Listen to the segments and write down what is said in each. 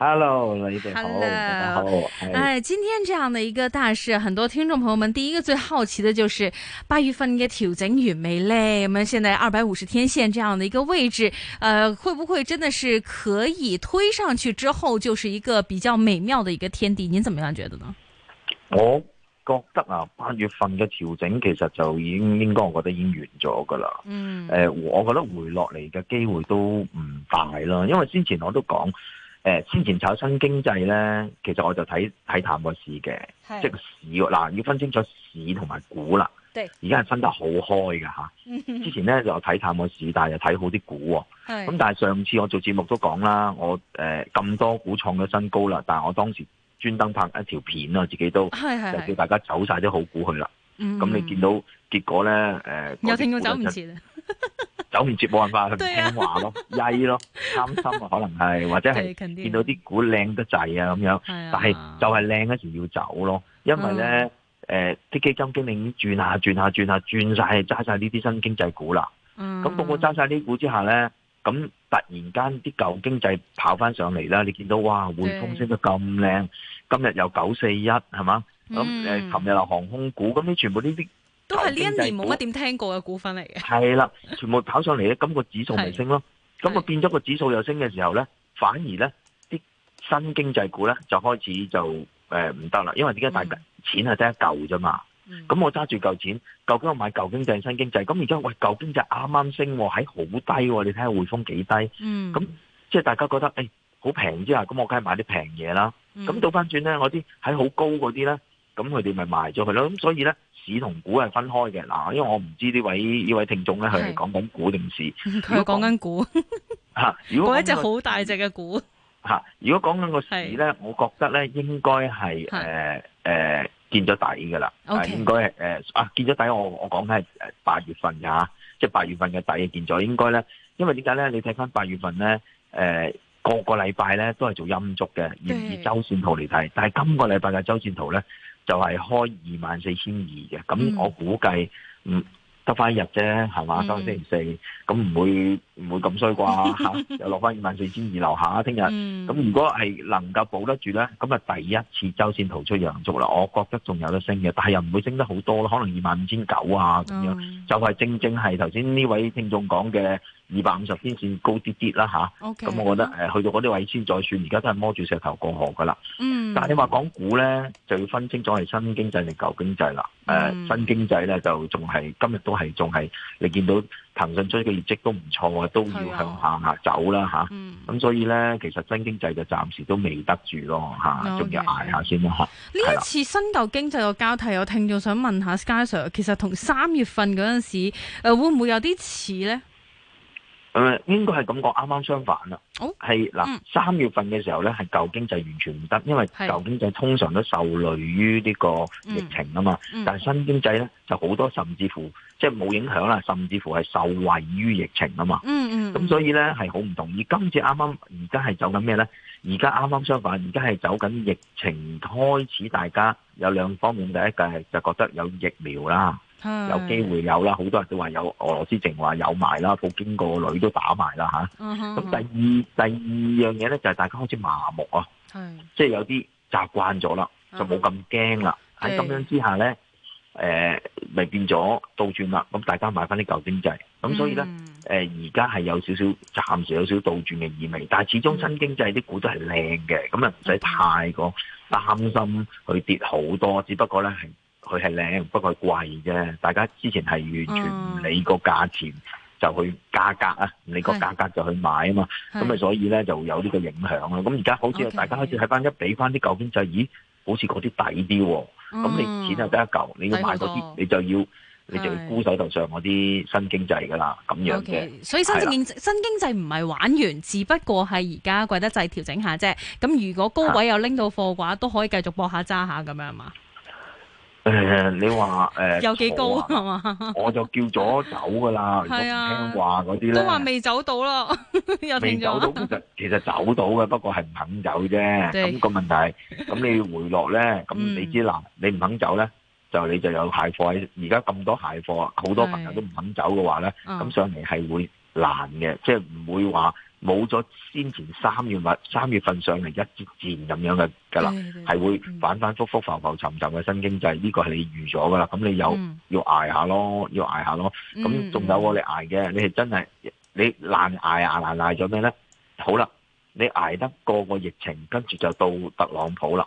hello，你好，hello. 大家好。誒、哎哎，今天這樣的一個大事，很多聽眾朋友們第一個最好奇的就是八月份嘅調整完未咧。我們現在二百五十天線這樣的一個位置，呃，會不會真的是可以推上去之後，就是一個比較美妙的一個天地？你怎麼樣覺得呢？我覺得啊，八月份嘅調整其實就已經應該我覺得已經完咗噶啦。嗯。誒、呃，我覺得回落嚟嘅機會都唔大啦，因為之前我都講。誒先前炒新經濟咧，其實我就睇睇淡個市嘅，即係個市嗱要分清楚市同埋股啦。而家係分得好開㗎。吓 之前咧就睇淡個市，但係又睇好啲股。咁但係上次我做節目都講啦，我咁、呃、多股創咗新高啦，但係我當時專登拍一條片啦，自己都是是是就叫大家走晒啲好股去啦。咁 你見到結果咧誒？呃、有聽到走唔切走唔接冇辦法。佢唔、啊、聽話咯，曳咯，貪心啊，可能係或者係 見到啲股靚得滯啊咁樣，但係就係靚一時要走咯，因為咧誒啲基金經理轉下轉下轉下轉晒揸晒呢啲新經濟股啦，咁個個揸晒呢股之下咧，咁突然間啲舊經濟跑翻上嚟啦，你見到哇，匯豐升得咁靚，今941、嗯呃、日又九四一係嘛，咁誒琴日又航空股，咁你全部呢啲。都係呢一年冇乜點聽過嘅股份嚟嘅，係 啦，全部跑上嚟咧，咁個指數咪升咯，咁 啊變咗個指數又升嘅時候咧，反而咧啲新經濟股咧就開始就誒唔得啦，因為點解大家錢係得一嚿啫嘛，咁、嗯、我揸住嚿錢，究竟我買舊經濟新經濟，咁而家喂舊經濟啱啱升喎、啊，喺、哎、好低、啊、低，你睇下匯豐幾低，咁即係大家覺得誒好平之下，咁、哎、我梗係買啲平嘢啦，咁、嗯、倒翻轉咧，我啲喺好高嗰啲咧，咁佢哋咪賣咗佢咯，咁所以咧。市同股係分開嘅，嗱，因為我唔知呢位呢位聽眾咧，佢係講緊股定市？佢係講緊股。吓，如果， 如果一隻好大隻嘅股。吓，如果講緊個市咧，我覺得咧應該係誒誒見咗底噶啦。O K，應該係誒啊，見咗底，了、okay. 呃見了底我。我我講緊係，八月份呀，即係八月份嘅底見咗。應該咧，因為點解咧？你睇翻八月份咧，誒、呃，個個禮拜咧都係做陰燭嘅，以周線圖嚟睇。但係今個禮拜嘅周線圖咧。就係、是、開二萬四千二嘅，咁我估計唔得翻入啫，係、嗯、嘛？今、嗯、四、嗯、星期四，咁唔會。唔 會咁衰啩嚇，又落翻二萬四千二樓下聽日咁，啊嗯、如果係能夠保得住咧，咁啊第一次周線逃出陽燭啦。我覺得仲有得升嘅，但係又唔會升得好多咯，可能二萬五千九啊咁、嗯、樣，就係、是、正正係頭先呢位聽眾講嘅二百五十天線高啲啲啦吓，咁、啊 okay，我覺得、呃嗯、去到嗰啲位先再算，而家都係摸住石頭過河噶啦、嗯。但係你話講股咧，就要分清楚係新經濟定舊經濟啦、呃嗯。新經濟咧就仲係今日都係仲係你見到。騰訊出嘅業績都唔錯啊，都要向下下走啦嚇咁、嗯、所以咧，其實新經濟就暫時都未得住咯嚇，仲、okay. 要捱一下先啦。呢一次新舊經濟個交替，我聽眾想問下 Sky Sir，其實同三月份嗰陣時、呃、會會唔會有啲似咧？誒、嗯，應該係咁講，啱啱相反、哦、是啦。係、嗯、嗱，三月份嘅時候咧，係舊經濟完全唔得，因為舊經濟通常都受累於呢個疫情啊嘛。嗯嗯、但係新經濟咧，就好多甚至乎即係冇影響啦，甚至乎係受惠於疫情啊嘛。嗯嗯。咁所以咧係好唔同，而。今次啱啱而家係走緊咩咧？而家啱啱相反，而家係走緊疫情開始，大家有兩方面，第一個係就是、覺得有疫苗啦。有機會有啦，好多人都話有俄羅斯淨話有埋啦，普京個女都打埋啦吓。咁、啊嗯、第二、嗯、第二樣嘢咧就係、是、大家開始麻木啊，即係有啲習慣咗啦，就冇咁驚啦。喺咁樣之下咧，誒、呃，咪變咗倒轉啦。咁大家買翻啲舊經濟，咁所以咧，誒、嗯，而家係有少少暫時有少少倒轉嘅意味，但係始終新經濟啲股都係靚嘅，咁啊，唔使太過擔心佢跌好多。只不過咧係。佢係靚，不過貴啫。大家之前係完全唔理個價錢，嗯，就去價格啊，唔理個價格就去買啊嘛。咁咪所以咧就有呢個影響咯。咁而家好似大家開始睇翻一比翻啲舊經濟，咦，好似嗰啲抵啲。咁、嗯、你錢係得一嚿，你要買嗰啲，你就要你就要沽手頭上嗰啲新經濟噶啦。咁樣嘅。Okay, 所以新經濟新經濟唔係玩完，只不過係而家貴得滯，調整下啫。咁如果高位又拎到貨嘅話，都、啊、可以繼續搏下揸下咁樣嘛。誒，你話誒，有幾高我就叫咗走噶啦，如果聽話嗰啲咧，都話未走到咯，未走到其實其實走到嘅，不過係唔肯走啫。咁個問題，咁你回落咧，咁你知啦，你唔肯走咧，就你就有蟹貨喺，而家咁多蟹貨，好多朋友都唔肯走嘅話咧，咁上嚟係會難嘅，即係唔會話。冇咗先前三月三月份上嚟一跌再跌咁樣嘅噶啦，係會反反复覆浮浮沉沉嘅新經濟，呢、呢個係你預咗噶啦。咁你有、嗯、要挨下咯，要挨下咯。咁、嗯、仲有我哋挨嘅，你係真係你難挨啊！難挨咗咩呢？好啦，你挨得過個疫情，跟住就到特朗普啦，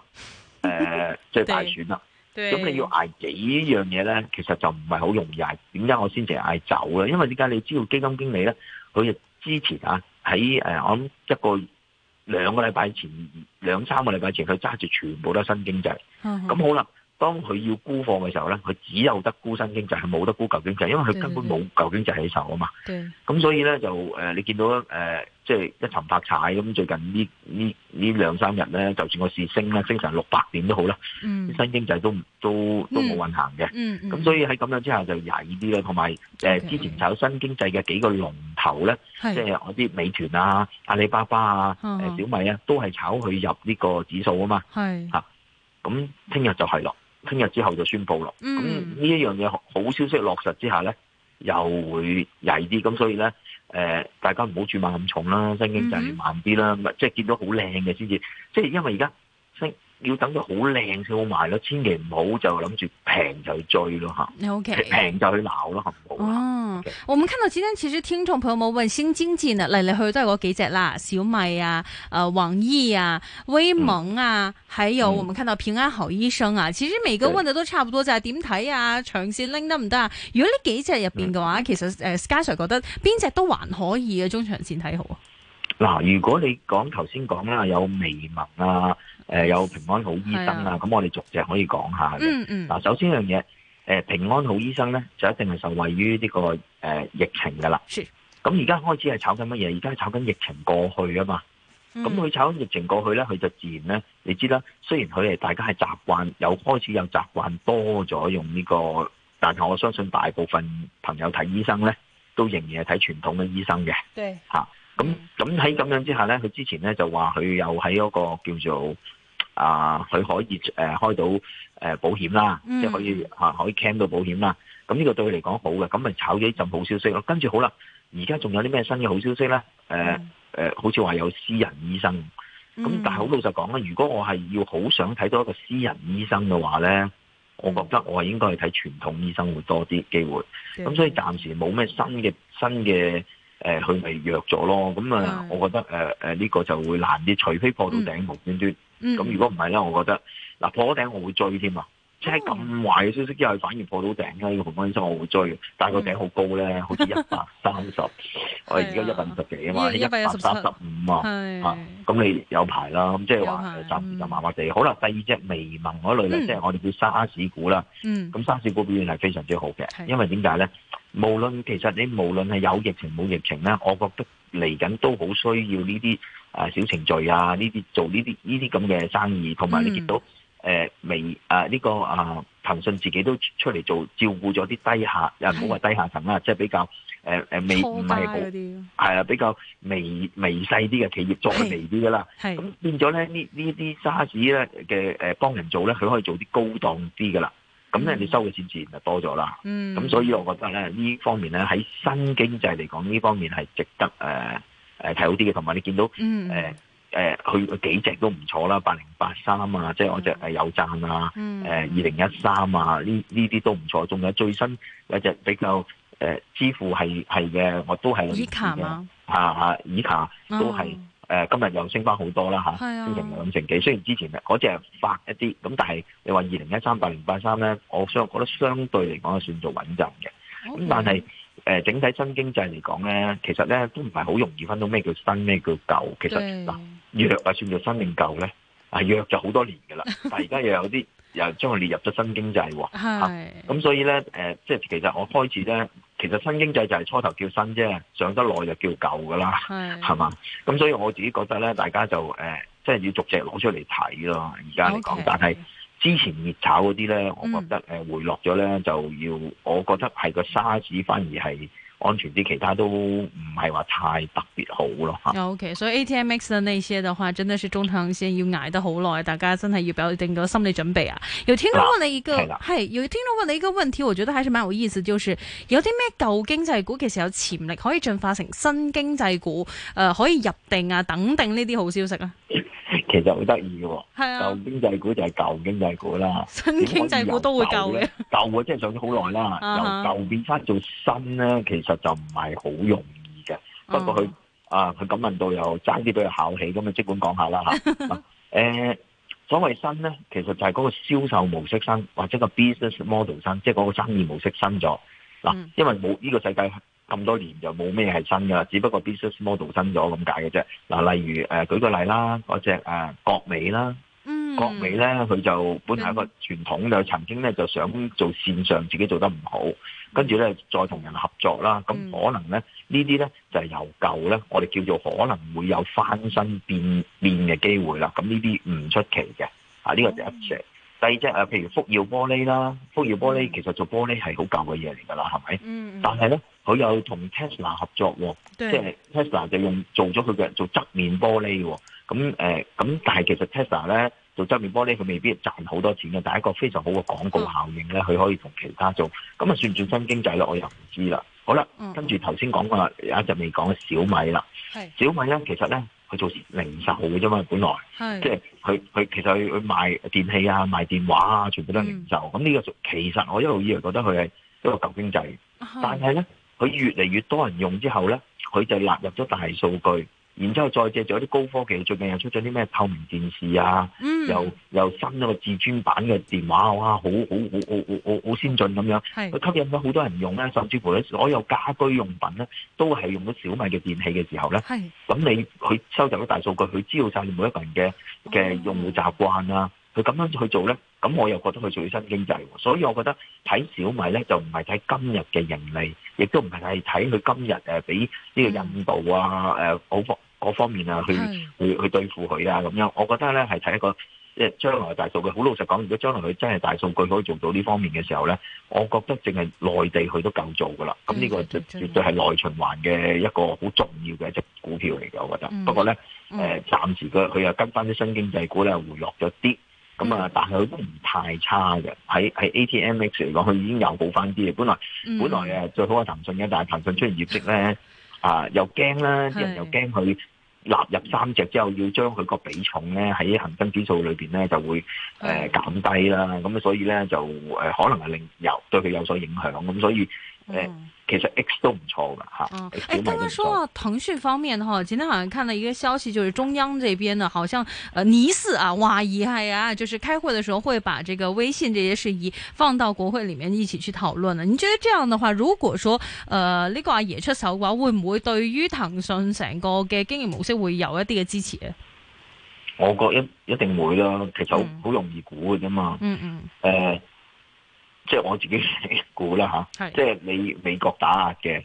誒、 呃，即係大選啦。咁你要挨幾樣嘢呢？其實就唔係好容易挨。點解我先前挨走咧？因為點解？你知道基金經理呢？佢之前啊。喺誒，我諗一個兩個禮拜前，兩三個禮拜前，佢揸住全部都係新經濟。咁、嗯嗯、好啦，當佢要沽貨嘅時候咧，佢只有得沽新經濟，係冇得沽舊經濟，因為佢根本冇舊經濟喺手啊嘛。咁所以咧就誒、呃，你見到誒、呃，即係一沉百踩咁、嗯。最近兩呢呢呢兩三日咧，就算個市升啦，升成六百點都好啦、嗯，新經濟都都都冇運行嘅。咁、嗯嗯嗯、所以喺咁樣之下就，就曳啲啦，同埋誒之前炒新經濟嘅幾個龍。嗯嗯嗯嗯頭咧，即係我啲美團啊、阿里巴巴啊、誒、呃、小米啊，都係炒佢入呢個指數啊嘛。係吓，咁聽日就係咯，聽日之後就宣布咯。咁呢一樣嘢好消息落實之下咧，又會曳啲，咁所以咧，誒、呃、大家唔好注碼咁重啦，新經濟慢啲啦，咁啊即係見到好靚嘅先至，即係因為而家升。要等到好靚先好賣咯，千祈唔好就諗住平就去追咯吓。O K，平就去鬧咯，係唔好啊。嗯 okay. 我們看到今天其實聽眾朋友冇問新經濟呢，嚟嚟去去都係嗰幾隻啦，小米啊、誒網易啊、微盟啊、嗯，還有我們看到平安好醫生啊，其實微觀温度都差唔多，就係點睇啊？長線拎得唔得啊？如果呢幾隻入邊嘅話、嗯，其實誒，佳 Sir 覺得邊隻都還可以嘅、啊、中長線睇好啊。嗱，如果你講頭先講啦，有微盟啊。誒、呃，有平安好醫生啊，咁我哋逐隻可以講下嘅。嗱、嗯嗯，首先一樣嘢、呃，平安好醫生咧，就一定係受惠於呢、呢個誒、呃、疫情㗎啦。咁而家開始係炒緊乜嘢？而家係炒緊疫情過去啊嘛。咁、嗯、佢炒緊疫情過去咧，佢就自然咧，你知啦。雖然佢哋大家係習慣，有開始有習慣多咗用呢、呢個，但係我相信大部分朋友睇醫生咧，都仍然係睇傳統嘅醫生嘅。對。吓，咁咁喺咁樣之下咧，佢之前咧就話佢又喺嗰個叫做。啊！佢可以誒、啊、開到誒、啊、保險啦，嗯、即係可以嚇、啊、可以 cam 到保險啦。咁呢個對佢嚟講好嘅，咁咪炒咗一陣好消息咯。跟住好啦，而家仲有啲咩新嘅好消息咧？誒、嗯、誒、呃，好似話有私人醫生，咁、嗯、但係好老實講啦，如果我係要好想睇到一個私人醫生嘅話咧，我覺得我係應該係睇傳統醫生會多啲機會。咁所以暫時冇咩新嘅新嘅誒，佢、呃、咪弱咗咯。咁啊，我覺得誒誒呢個就會難啲，除非破到頂，無端端。嗯咁、嗯、如果唔係咧，我覺得嗱破咗頂我會追添啊！即係咁壞嘅消息之後、嗯，反而破到頂咧，呢個盤本身我會追，但係個頂好高咧、嗯，好似一百三十，我而家一百五十幾啊嘛，一百三十五啊，咁、嗯、你有排啦。咁即係話暫時就麻麻地。好啦，第二隻微盟嗰類呢，即、嗯、係、就是、我哋叫沙士股啦。咁、嗯、沙士股表現係非常之好嘅，因為點解咧？無論其實你無論係有疫情冇疫情咧，我覺得嚟緊都好需要呢啲。啊，小程序啊，呢啲做呢啲呢啲咁嘅生意，同埋你見到誒微、嗯呃、啊呢、這個啊騰訊自己都出嚟做，照顧咗啲低下，又唔好話低下層啦，即、就、係、是、比較誒誒、呃、微唔係好係啊，比較微微細啲嘅企業，再微啲噶啦。咁變咗咧呢呢啲沙士咧嘅誒幫人做咧，佢可以做啲高檔啲噶啦。咁、嗯、咧你收嘅錢自然就多咗啦。咁、嗯、所以我覺得咧呢方面咧喺新經濟嚟講呢方面係值得誒。呃誒睇好啲嘅，同埋你見到誒誒佢幾隻都唔錯啦，八零八三啊，即係嗰隻有賺啊，誒二零一三啊，呢呢啲都唔錯，仲有最新有隻比較誒支付係係嘅，我都係有留意嘅，啊啊，以下都係誒、呃、今日又升翻好多啦吓、啊，升成兩成幾、啊，雖然之前嗰隻發一啲，咁但係你話二零一三八零八三咧，我想覺得相對嚟講係算做穩陣嘅，咁、okay. 但係。誒、呃，整體新經濟嚟講咧，其實咧都唔係好容易分到咩叫新咩叫舊。其實嗱，若話算做新定舊咧，係若就好多年噶啦。 但係而家又有啲又將佢列入咗新經濟喎。咁、 啊、所以咧、呃，即係其實我開始咧，其實新經濟就係初頭叫新啫，上得耐就叫舊噶啦。係。 係嘛？咁所以我自己覺得咧，大家就誒、呃，即係要逐隻攞出嚟睇咯。而家嚟講，okay. 但係。之前熱炒嗰啲咧，我覺得回落咗咧、嗯、就要，我覺得係個沙子反而係安全啲，其他都唔係話太特別好咯吓，O K，所以 A T M X 呢那些嘅話，真的是中長線要捱得好耐，大家真係要有一定嘅心理準備啊。又聽到問你一個係，有聽到問你一個問題，我覺得係係蠻有意思，就是有啲咩舊經濟股其實有潛力可以進化成新經濟股，誒、呃、可以入定啊等定呢啲好消息啊？其實好得意嘅，舊經濟股就係舊經濟股啦，新經濟股都會舊嘅。舊，即係上咗好耐啦，由舊變翻做新咧，其實就唔係好容易嘅。不過佢、嗯、啊，佢咁問到又爭啲俾佢考起，咁咪即管講下啦吓。誒，所謂、 啊、新咧，其實就係嗰個銷售模式新，或者個 business model 新，即係嗰個生意模式新咗嗱、啊。因為冇呢個世界。咁多年就冇咩係新噶啦，只不過 business model 新咗咁解嘅啫。嗱，例如誒、呃、舉個例啦，嗰隻誒國美啦，國美咧佢、嗯、就本來係一個傳統，就、嗯、曾經咧就想做線上，自己做得唔好，跟住咧再同人合作啦，咁可能咧呢啲咧、嗯、就係、是、由舊咧，我哋叫做可能會有翻身變變嘅機會啦。咁呢啲唔出奇嘅，啊呢、這個就一隻、嗯，第二隻、啊、譬如福耀玻璃啦，福耀玻璃其實做玻璃係好舊嘅嘢嚟㗎啦，係咪？嗯、但係咧。佢有同 Tesla 合作、哦，即係 Tesla 就用做咗佢嘅做側面玻璃。咁誒，咁但係其實 Tesla 咧做側面玻璃、哦，佢、嗯呃、未必賺好多錢嘅。但係一個非常好嘅廣告效應咧，佢、嗯、可以同其他做。咁啊，算唔算新經濟咧？我又唔知啦。好啦、嗯，跟住頭先講過啦，有一隻未講小米啦、嗯。小米咧，其實咧佢做零售嘅啫嘛，本來即係佢佢其實佢佢賣電器啊、賣電話啊，全部都係零售。咁、嗯、呢、嗯這個其實我一路以為覺得佢係一個舊經濟、嗯，但係咧。佢越嚟越多人用之後呢，佢就納入咗大數據，然之後再借住啲高科技，最近又出咗啲咩透明電視啊，又、嗯、又新咗個至尊版嘅電話，哇，好好好好好好先進咁樣，佢吸引咗好多人用呢。甚至乎呢，所有家居用品呢，都係用咗小米嘅電器嘅時候呢。咁你佢收集咗大數據，佢知道晒你每一個人嘅嘅用戶習慣啦、啊。哦佢咁樣去做咧，咁我又覺得佢屬於新經濟，所以我覺得睇小米咧就唔係睇今日嘅盈利，亦都唔係睇睇佢今日誒俾呢個印度啊誒，好方嗰方面啊去去去對付佢啊咁樣。我覺得咧係睇一個即係將來大數據。好老實講，如果將來佢真係大數據可以做到呢方面嘅時候咧，我覺得淨係內地佢都夠做噶啦。咁呢個就絕對係內循環嘅一個好重要嘅一隻股票嚟嘅，我覺得。不過咧誒，暫時佢佢又跟翻啲新經濟股咧回落咗啲。咁、嗯、啊，但係佢都唔太差嘅，喺喺 ATMX 嚟講，佢已經有好翻啲嘅。本來、嗯、本來、啊、最好係騰訊嘅，但係騰訊出現業績咧，啊又驚啦，人又驚佢納入三隻之後，要將佢個比重咧喺恒生指數裏面咧就會、呃、減低啦。咁所以咧就可能係令由對佢有所影響。咁所以。其實 X 都唔錯噶吓、哦，誒，剛剛說到騰訊方面的話，今天好像看到一個消息，就是中央這邊呢，好像誒疑似啊，懷疑係啊，就是開會的時候會把這個微信這些事宜放到國會裏面一起去討論啦。你覺得這樣的話，如果說誒呢、呃這個阿爺出手嘅話，會唔會對於騰訊成個嘅經營模式會有一啲嘅支持啊？我覺得一定會啦，其實好容易估嘅啫嘛，嗯嗯，誒、嗯呃，即係我自己。 啦、啊、嚇，即係你美國打壓嘅，誒、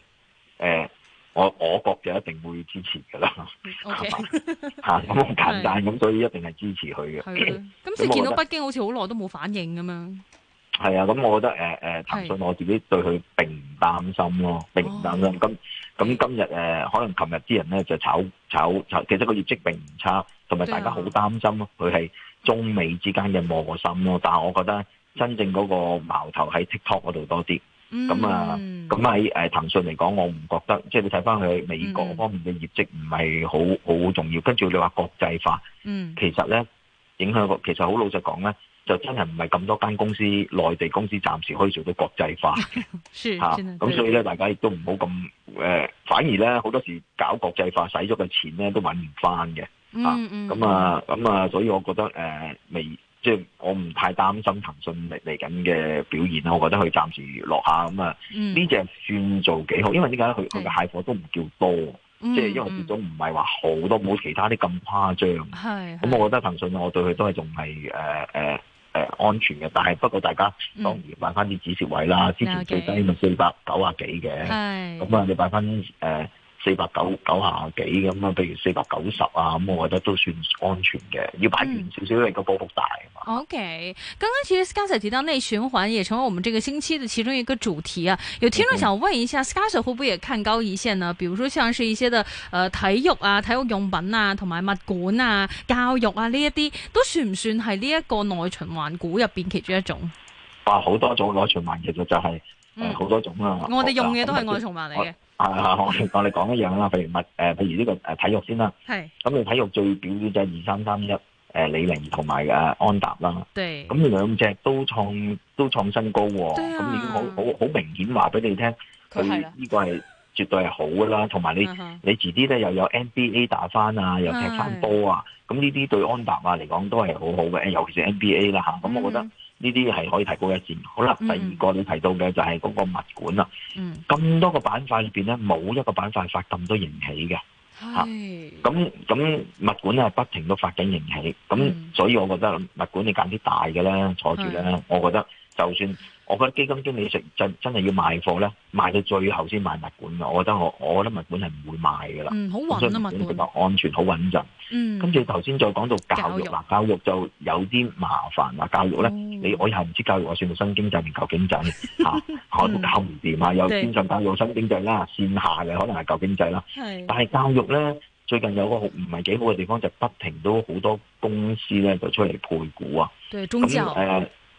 呃，我我國就一定會支持噶啦，嚇、okay. 咁、 嗯、簡單咁，所以一定係支持佢嘅。咁即係見到北京好似好耐都冇反應咁樣。係、嗯、啊，咁我覺得誒誒，騰、呃、訊、呃、我自己對佢並唔擔心咯，並唔擔心。咁咁、哦、今日誒、呃，可能琴日啲人咧就炒炒炒，其實個業績並唔差，同埋大家好擔心咯，佢係、啊、中美之間嘅磨心咯。但係我覺得。真正嗰個矛頭喺 TikTok 嗰度多啲，咁、嗯、啊，咁喺誒騰訊嚟講，我唔覺得，即、就、係、是、你睇翻佢美國方面嘅業績唔係好好重要。跟住你話國際化，嗯、其實咧影響個，其實好老實講咧，就真係唔係咁多間公司，內地公司暫時可以做到國際化咁、 啊嗯、所以咧，大家亦都唔好咁反而咧好多時搞國際化使咗嘅錢咧都搵唔翻嘅，咁啊，咁、嗯啊，嗯嗯、啊，所以我覺得、呃、未。即係我唔太擔心騰訊嚟嚟緊嘅表現，我覺得佢暫時娛樂下咁啊，呢隻、嗯、算做幾好，因為點解？佢佢嘅蟹貨都唔叫多，即、嗯、係因為結咗唔係話好多，冇其他啲咁誇張。係、嗯、咁，我覺得騰訊我對佢都係仲係誒誒誒安全嘅，但係不過大家當然擺返啲止蝕位啦、嗯。之前最低咪四百九啊幾嘅，咁、嗯、啊、okay. 你擺返誒。呃四百九九下幾咁啊？譬如四百九十啊，咁、嗯、我覺得都算安全嘅。要擺完少少令個波幅大啊嘛。OK，剛剛似 Scissor 提到內循環，也成為我們這個星期的其中一個主題啊。有聽眾想問一下 Scissor 會不會也看高一線呢？比如說，像是一些嘅呃體育啊、體育用品啊、同埋物管啊、教育啊呢一啲，都算唔算係呢一個內循環股入邊其中一種？啊，好多種內循環、就是，其實就係好多種啊。我哋用嘅都係外循環嚟嘅。嗯 啊，我哋講一樣啦，譬如物，誒、呃，譬如呢個誒體育先啦，係，咁、嗯、你體育最表嘅就係二三三一，誒李寧同埋誒安踏啦，對，咁兩隻都創都創新高，哦，咁、啊、已經好好好明顯話俾你聽，佢呢個係絕對係好噶啦，同埋你、uh -huh、你遲啲咧又有 NBA 打返啊，又踢返波啊，咁呢啲對安踏啊嚟講都係好好嘅，尤其是 NBA 啦吓，咁我覺得。嗯呢啲係可以提高一線，好啦。第二個你提到嘅就係嗰個物管啦，咁、嗯、多個板塊裏邊咧，冇一個板塊發咁多盈喜嘅，嚇。咁、啊、咁物管咧不停都發緊盈喜，咁、嗯、所以我覺得物管你揀啲大嘅咧坐住咧，我覺得。就算，我覺得基金經理食真真係要賣貨咧，賣到最後先賣物管嘅。我覺得我我諗物管係唔會賣嘅啦。嗯，好穩啊嘛，對安全好穩陣。嗯。跟住頭先再講到教育啦，教育就有啲麻煩啦。教育咧、哦，你我又唔知教育係算唔算新經濟定舊經濟、 啊、我都搞唔掂啊。有線上教育、新經濟啦，線下嘅可能係舊經濟啦。是但係教育咧，最近有個唔係幾好嘅地方，就不停都好多公司咧就出嚟配股啊。對，中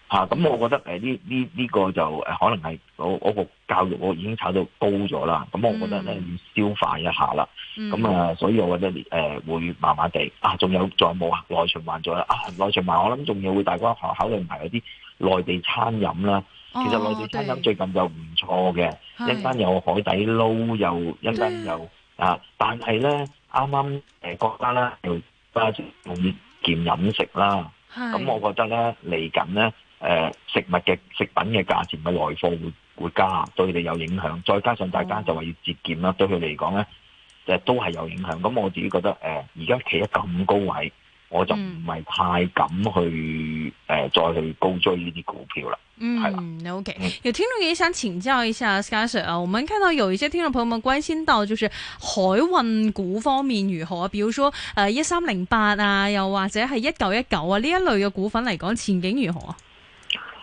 咁、啊，我覺得呢呢呢個就、啊、可能係我個教育我已經炒到高咗啦，咁我覺得咧要消化一下啦。咁、嗯、啊，所以我覺得誒會麻麻地啊，仲、啊、有再冇內循環咗啊？內循環我諗仲要會大家考考慮埋嗰啲內地餐飲啦。其實內地餐飲最近就唔錯嘅、哦嗯，一間有海底撈，又一間有啊，但係咧啱啱誒國家咧就開始用健飲食啦。咁我覺得咧嚟緊咧。誒、呃，食物嘅食品嘅價錢嘅內貨會會加，對佢哋有影響。再加上大家就話要節儉啦，對佢嚟講咧，誒、呃、都係有影響。咁我自己覺得誒，而家企得咁高位，嗯、我就唔係太敢去誒、呃、再去高追呢啲股票啦。嗯，OK，有、嗯、聽眾也想請教一下佳 Sir 啊，Sir，我們看到有一些聽眾朋友們關心到，就是海運股方面如何啊，比如說誒一三零八啊，又或者係一九一九啊呢一類嘅股份嚟講前景如何啊？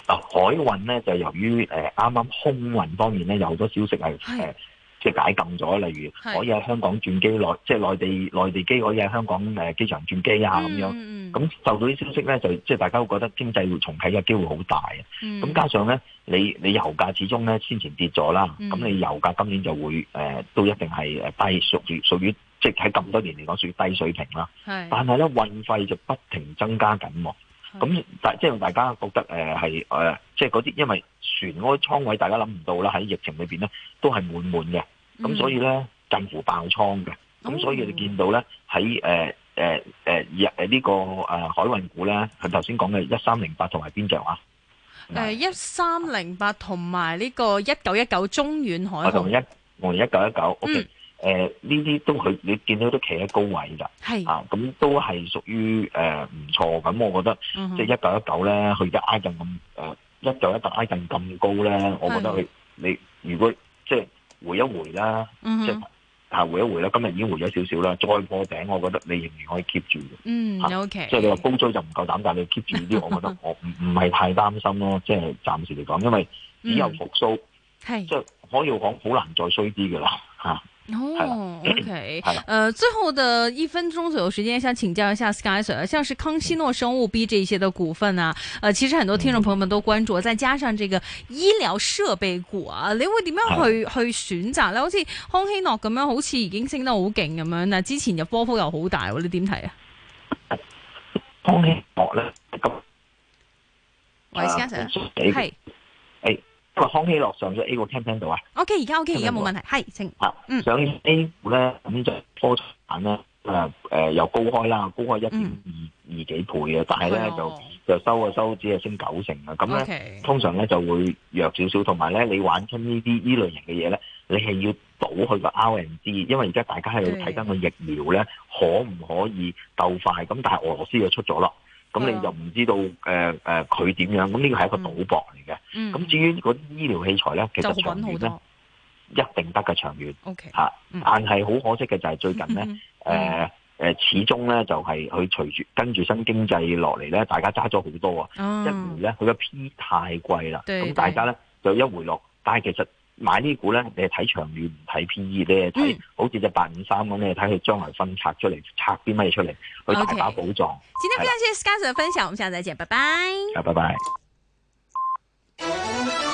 海運咧就由於誒啱啱空運方面咧有好多消息係誒即係解禁咗，例如可以喺香港轉機內，即係內地內地機可以喺香港誒、呃、機場轉機啊咁樣。咁、嗯嗯、受到啲消息咧，就即係大家會覺得經濟會重啟嘅機會好大啊。咁、嗯、加上咧，你你油價始終咧先前跌咗啦，咁、嗯、你油價今年就會誒、呃、都一定係低，屬於屬於即係喺咁多年嚟講屬於低水平啦。但係咧運費就不停增加緊喎。咁大即係大家覺得誒係誒，即係嗰啲因為船嗰啲倉位大家諗唔到啦，喺疫情裏邊咧都係滿滿嘅，咁所以咧近乎爆倉嘅，咁所以你見到咧喺誒誒誒日誒呢個誒海運股咧，佢頭先講嘅一三零八同埋邊隻啊？誒一三零八同埋呢個一九一九中遠海。我同一我哋一九一九，ok。誒呢啲都佢你見到都企喺高位㗎，啊咁、嗯、都係屬於誒唔、呃、錯。咁我覺得、嗯、即係一九一九咧，佢一拉震咁誒，一九一九拉震咁高咧，我覺得你你如果即係回一回啦，即係下、嗯、回一回啦，今日已經回咗少少啦，再破頂，我覺得你仍然可以 keep 住嘅。嗯，OK。啊、即係你話高追就唔夠膽，但係你 keep 住啲， 我覺得我唔唔係太擔心咯。即係暫時嚟講，因為以後復甦、嗯，即係可以講好難再衰啲㗎啦。哦，OK，誒、呃，最後的一分鐘左右時間，想請教一下 SkySir，像是康希諾生物 B 這些的股份啊、呃，其實很多聽眾朋友們都關注，再加上這個醫療設備股啊，你會點樣去去選擇呢？好似康希諾咁樣，好似已經升得好勁咁樣，嗱，之前又波幅又好大，你點睇啊？康希諾呢，喂，SkySir，係。個康希諾上咗 A 股聽唔聽到啊？OK，而家 OK，而家冇問題，係，請。啊、嗯，上 A 股咧，咁就破產咧，誒、呃呃、又高開啦，高開一點二二幾倍嘅，但係咧、哦、就就收啊收，只係升九成啊，咁咧、okay、通常咧就會弱少少，同埋咧你玩出呢啲呢類型嘅嘢咧，你係要倒佢個 RNG，因為而家大家係要睇緊個疫苗咧、嗯，可唔可以夠快？咁但係俄羅斯又出咗啦。咁、嗯、你就唔知道誒誒佢點樣？咁呢個係一個賭博嚟嘅。咁、嗯、至於嗰啲醫療器材咧，其實長遠咧，一定得嘅長遠。Okay, 嗯、但係好可惜嘅就係最近咧，誒、嗯嗯呃、始終咧就係佢隨住跟住新經濟落嚟咧，大家揸咗好多啊、嗯。一回咧，佢嘅 P 太貴啦。對。咁大家咧就一回落，但係其實。買呢股咧，你睇長遠，唔睇 P E 咧，睇、嗯、好似隻八五三咁咧，睇佢將來分拆出嚟拆啲乜嘢出嚟，去大把寶藏、okay.。今天非常謝謝 Scott 的分享，我們下次再見，拜拜。拜拜。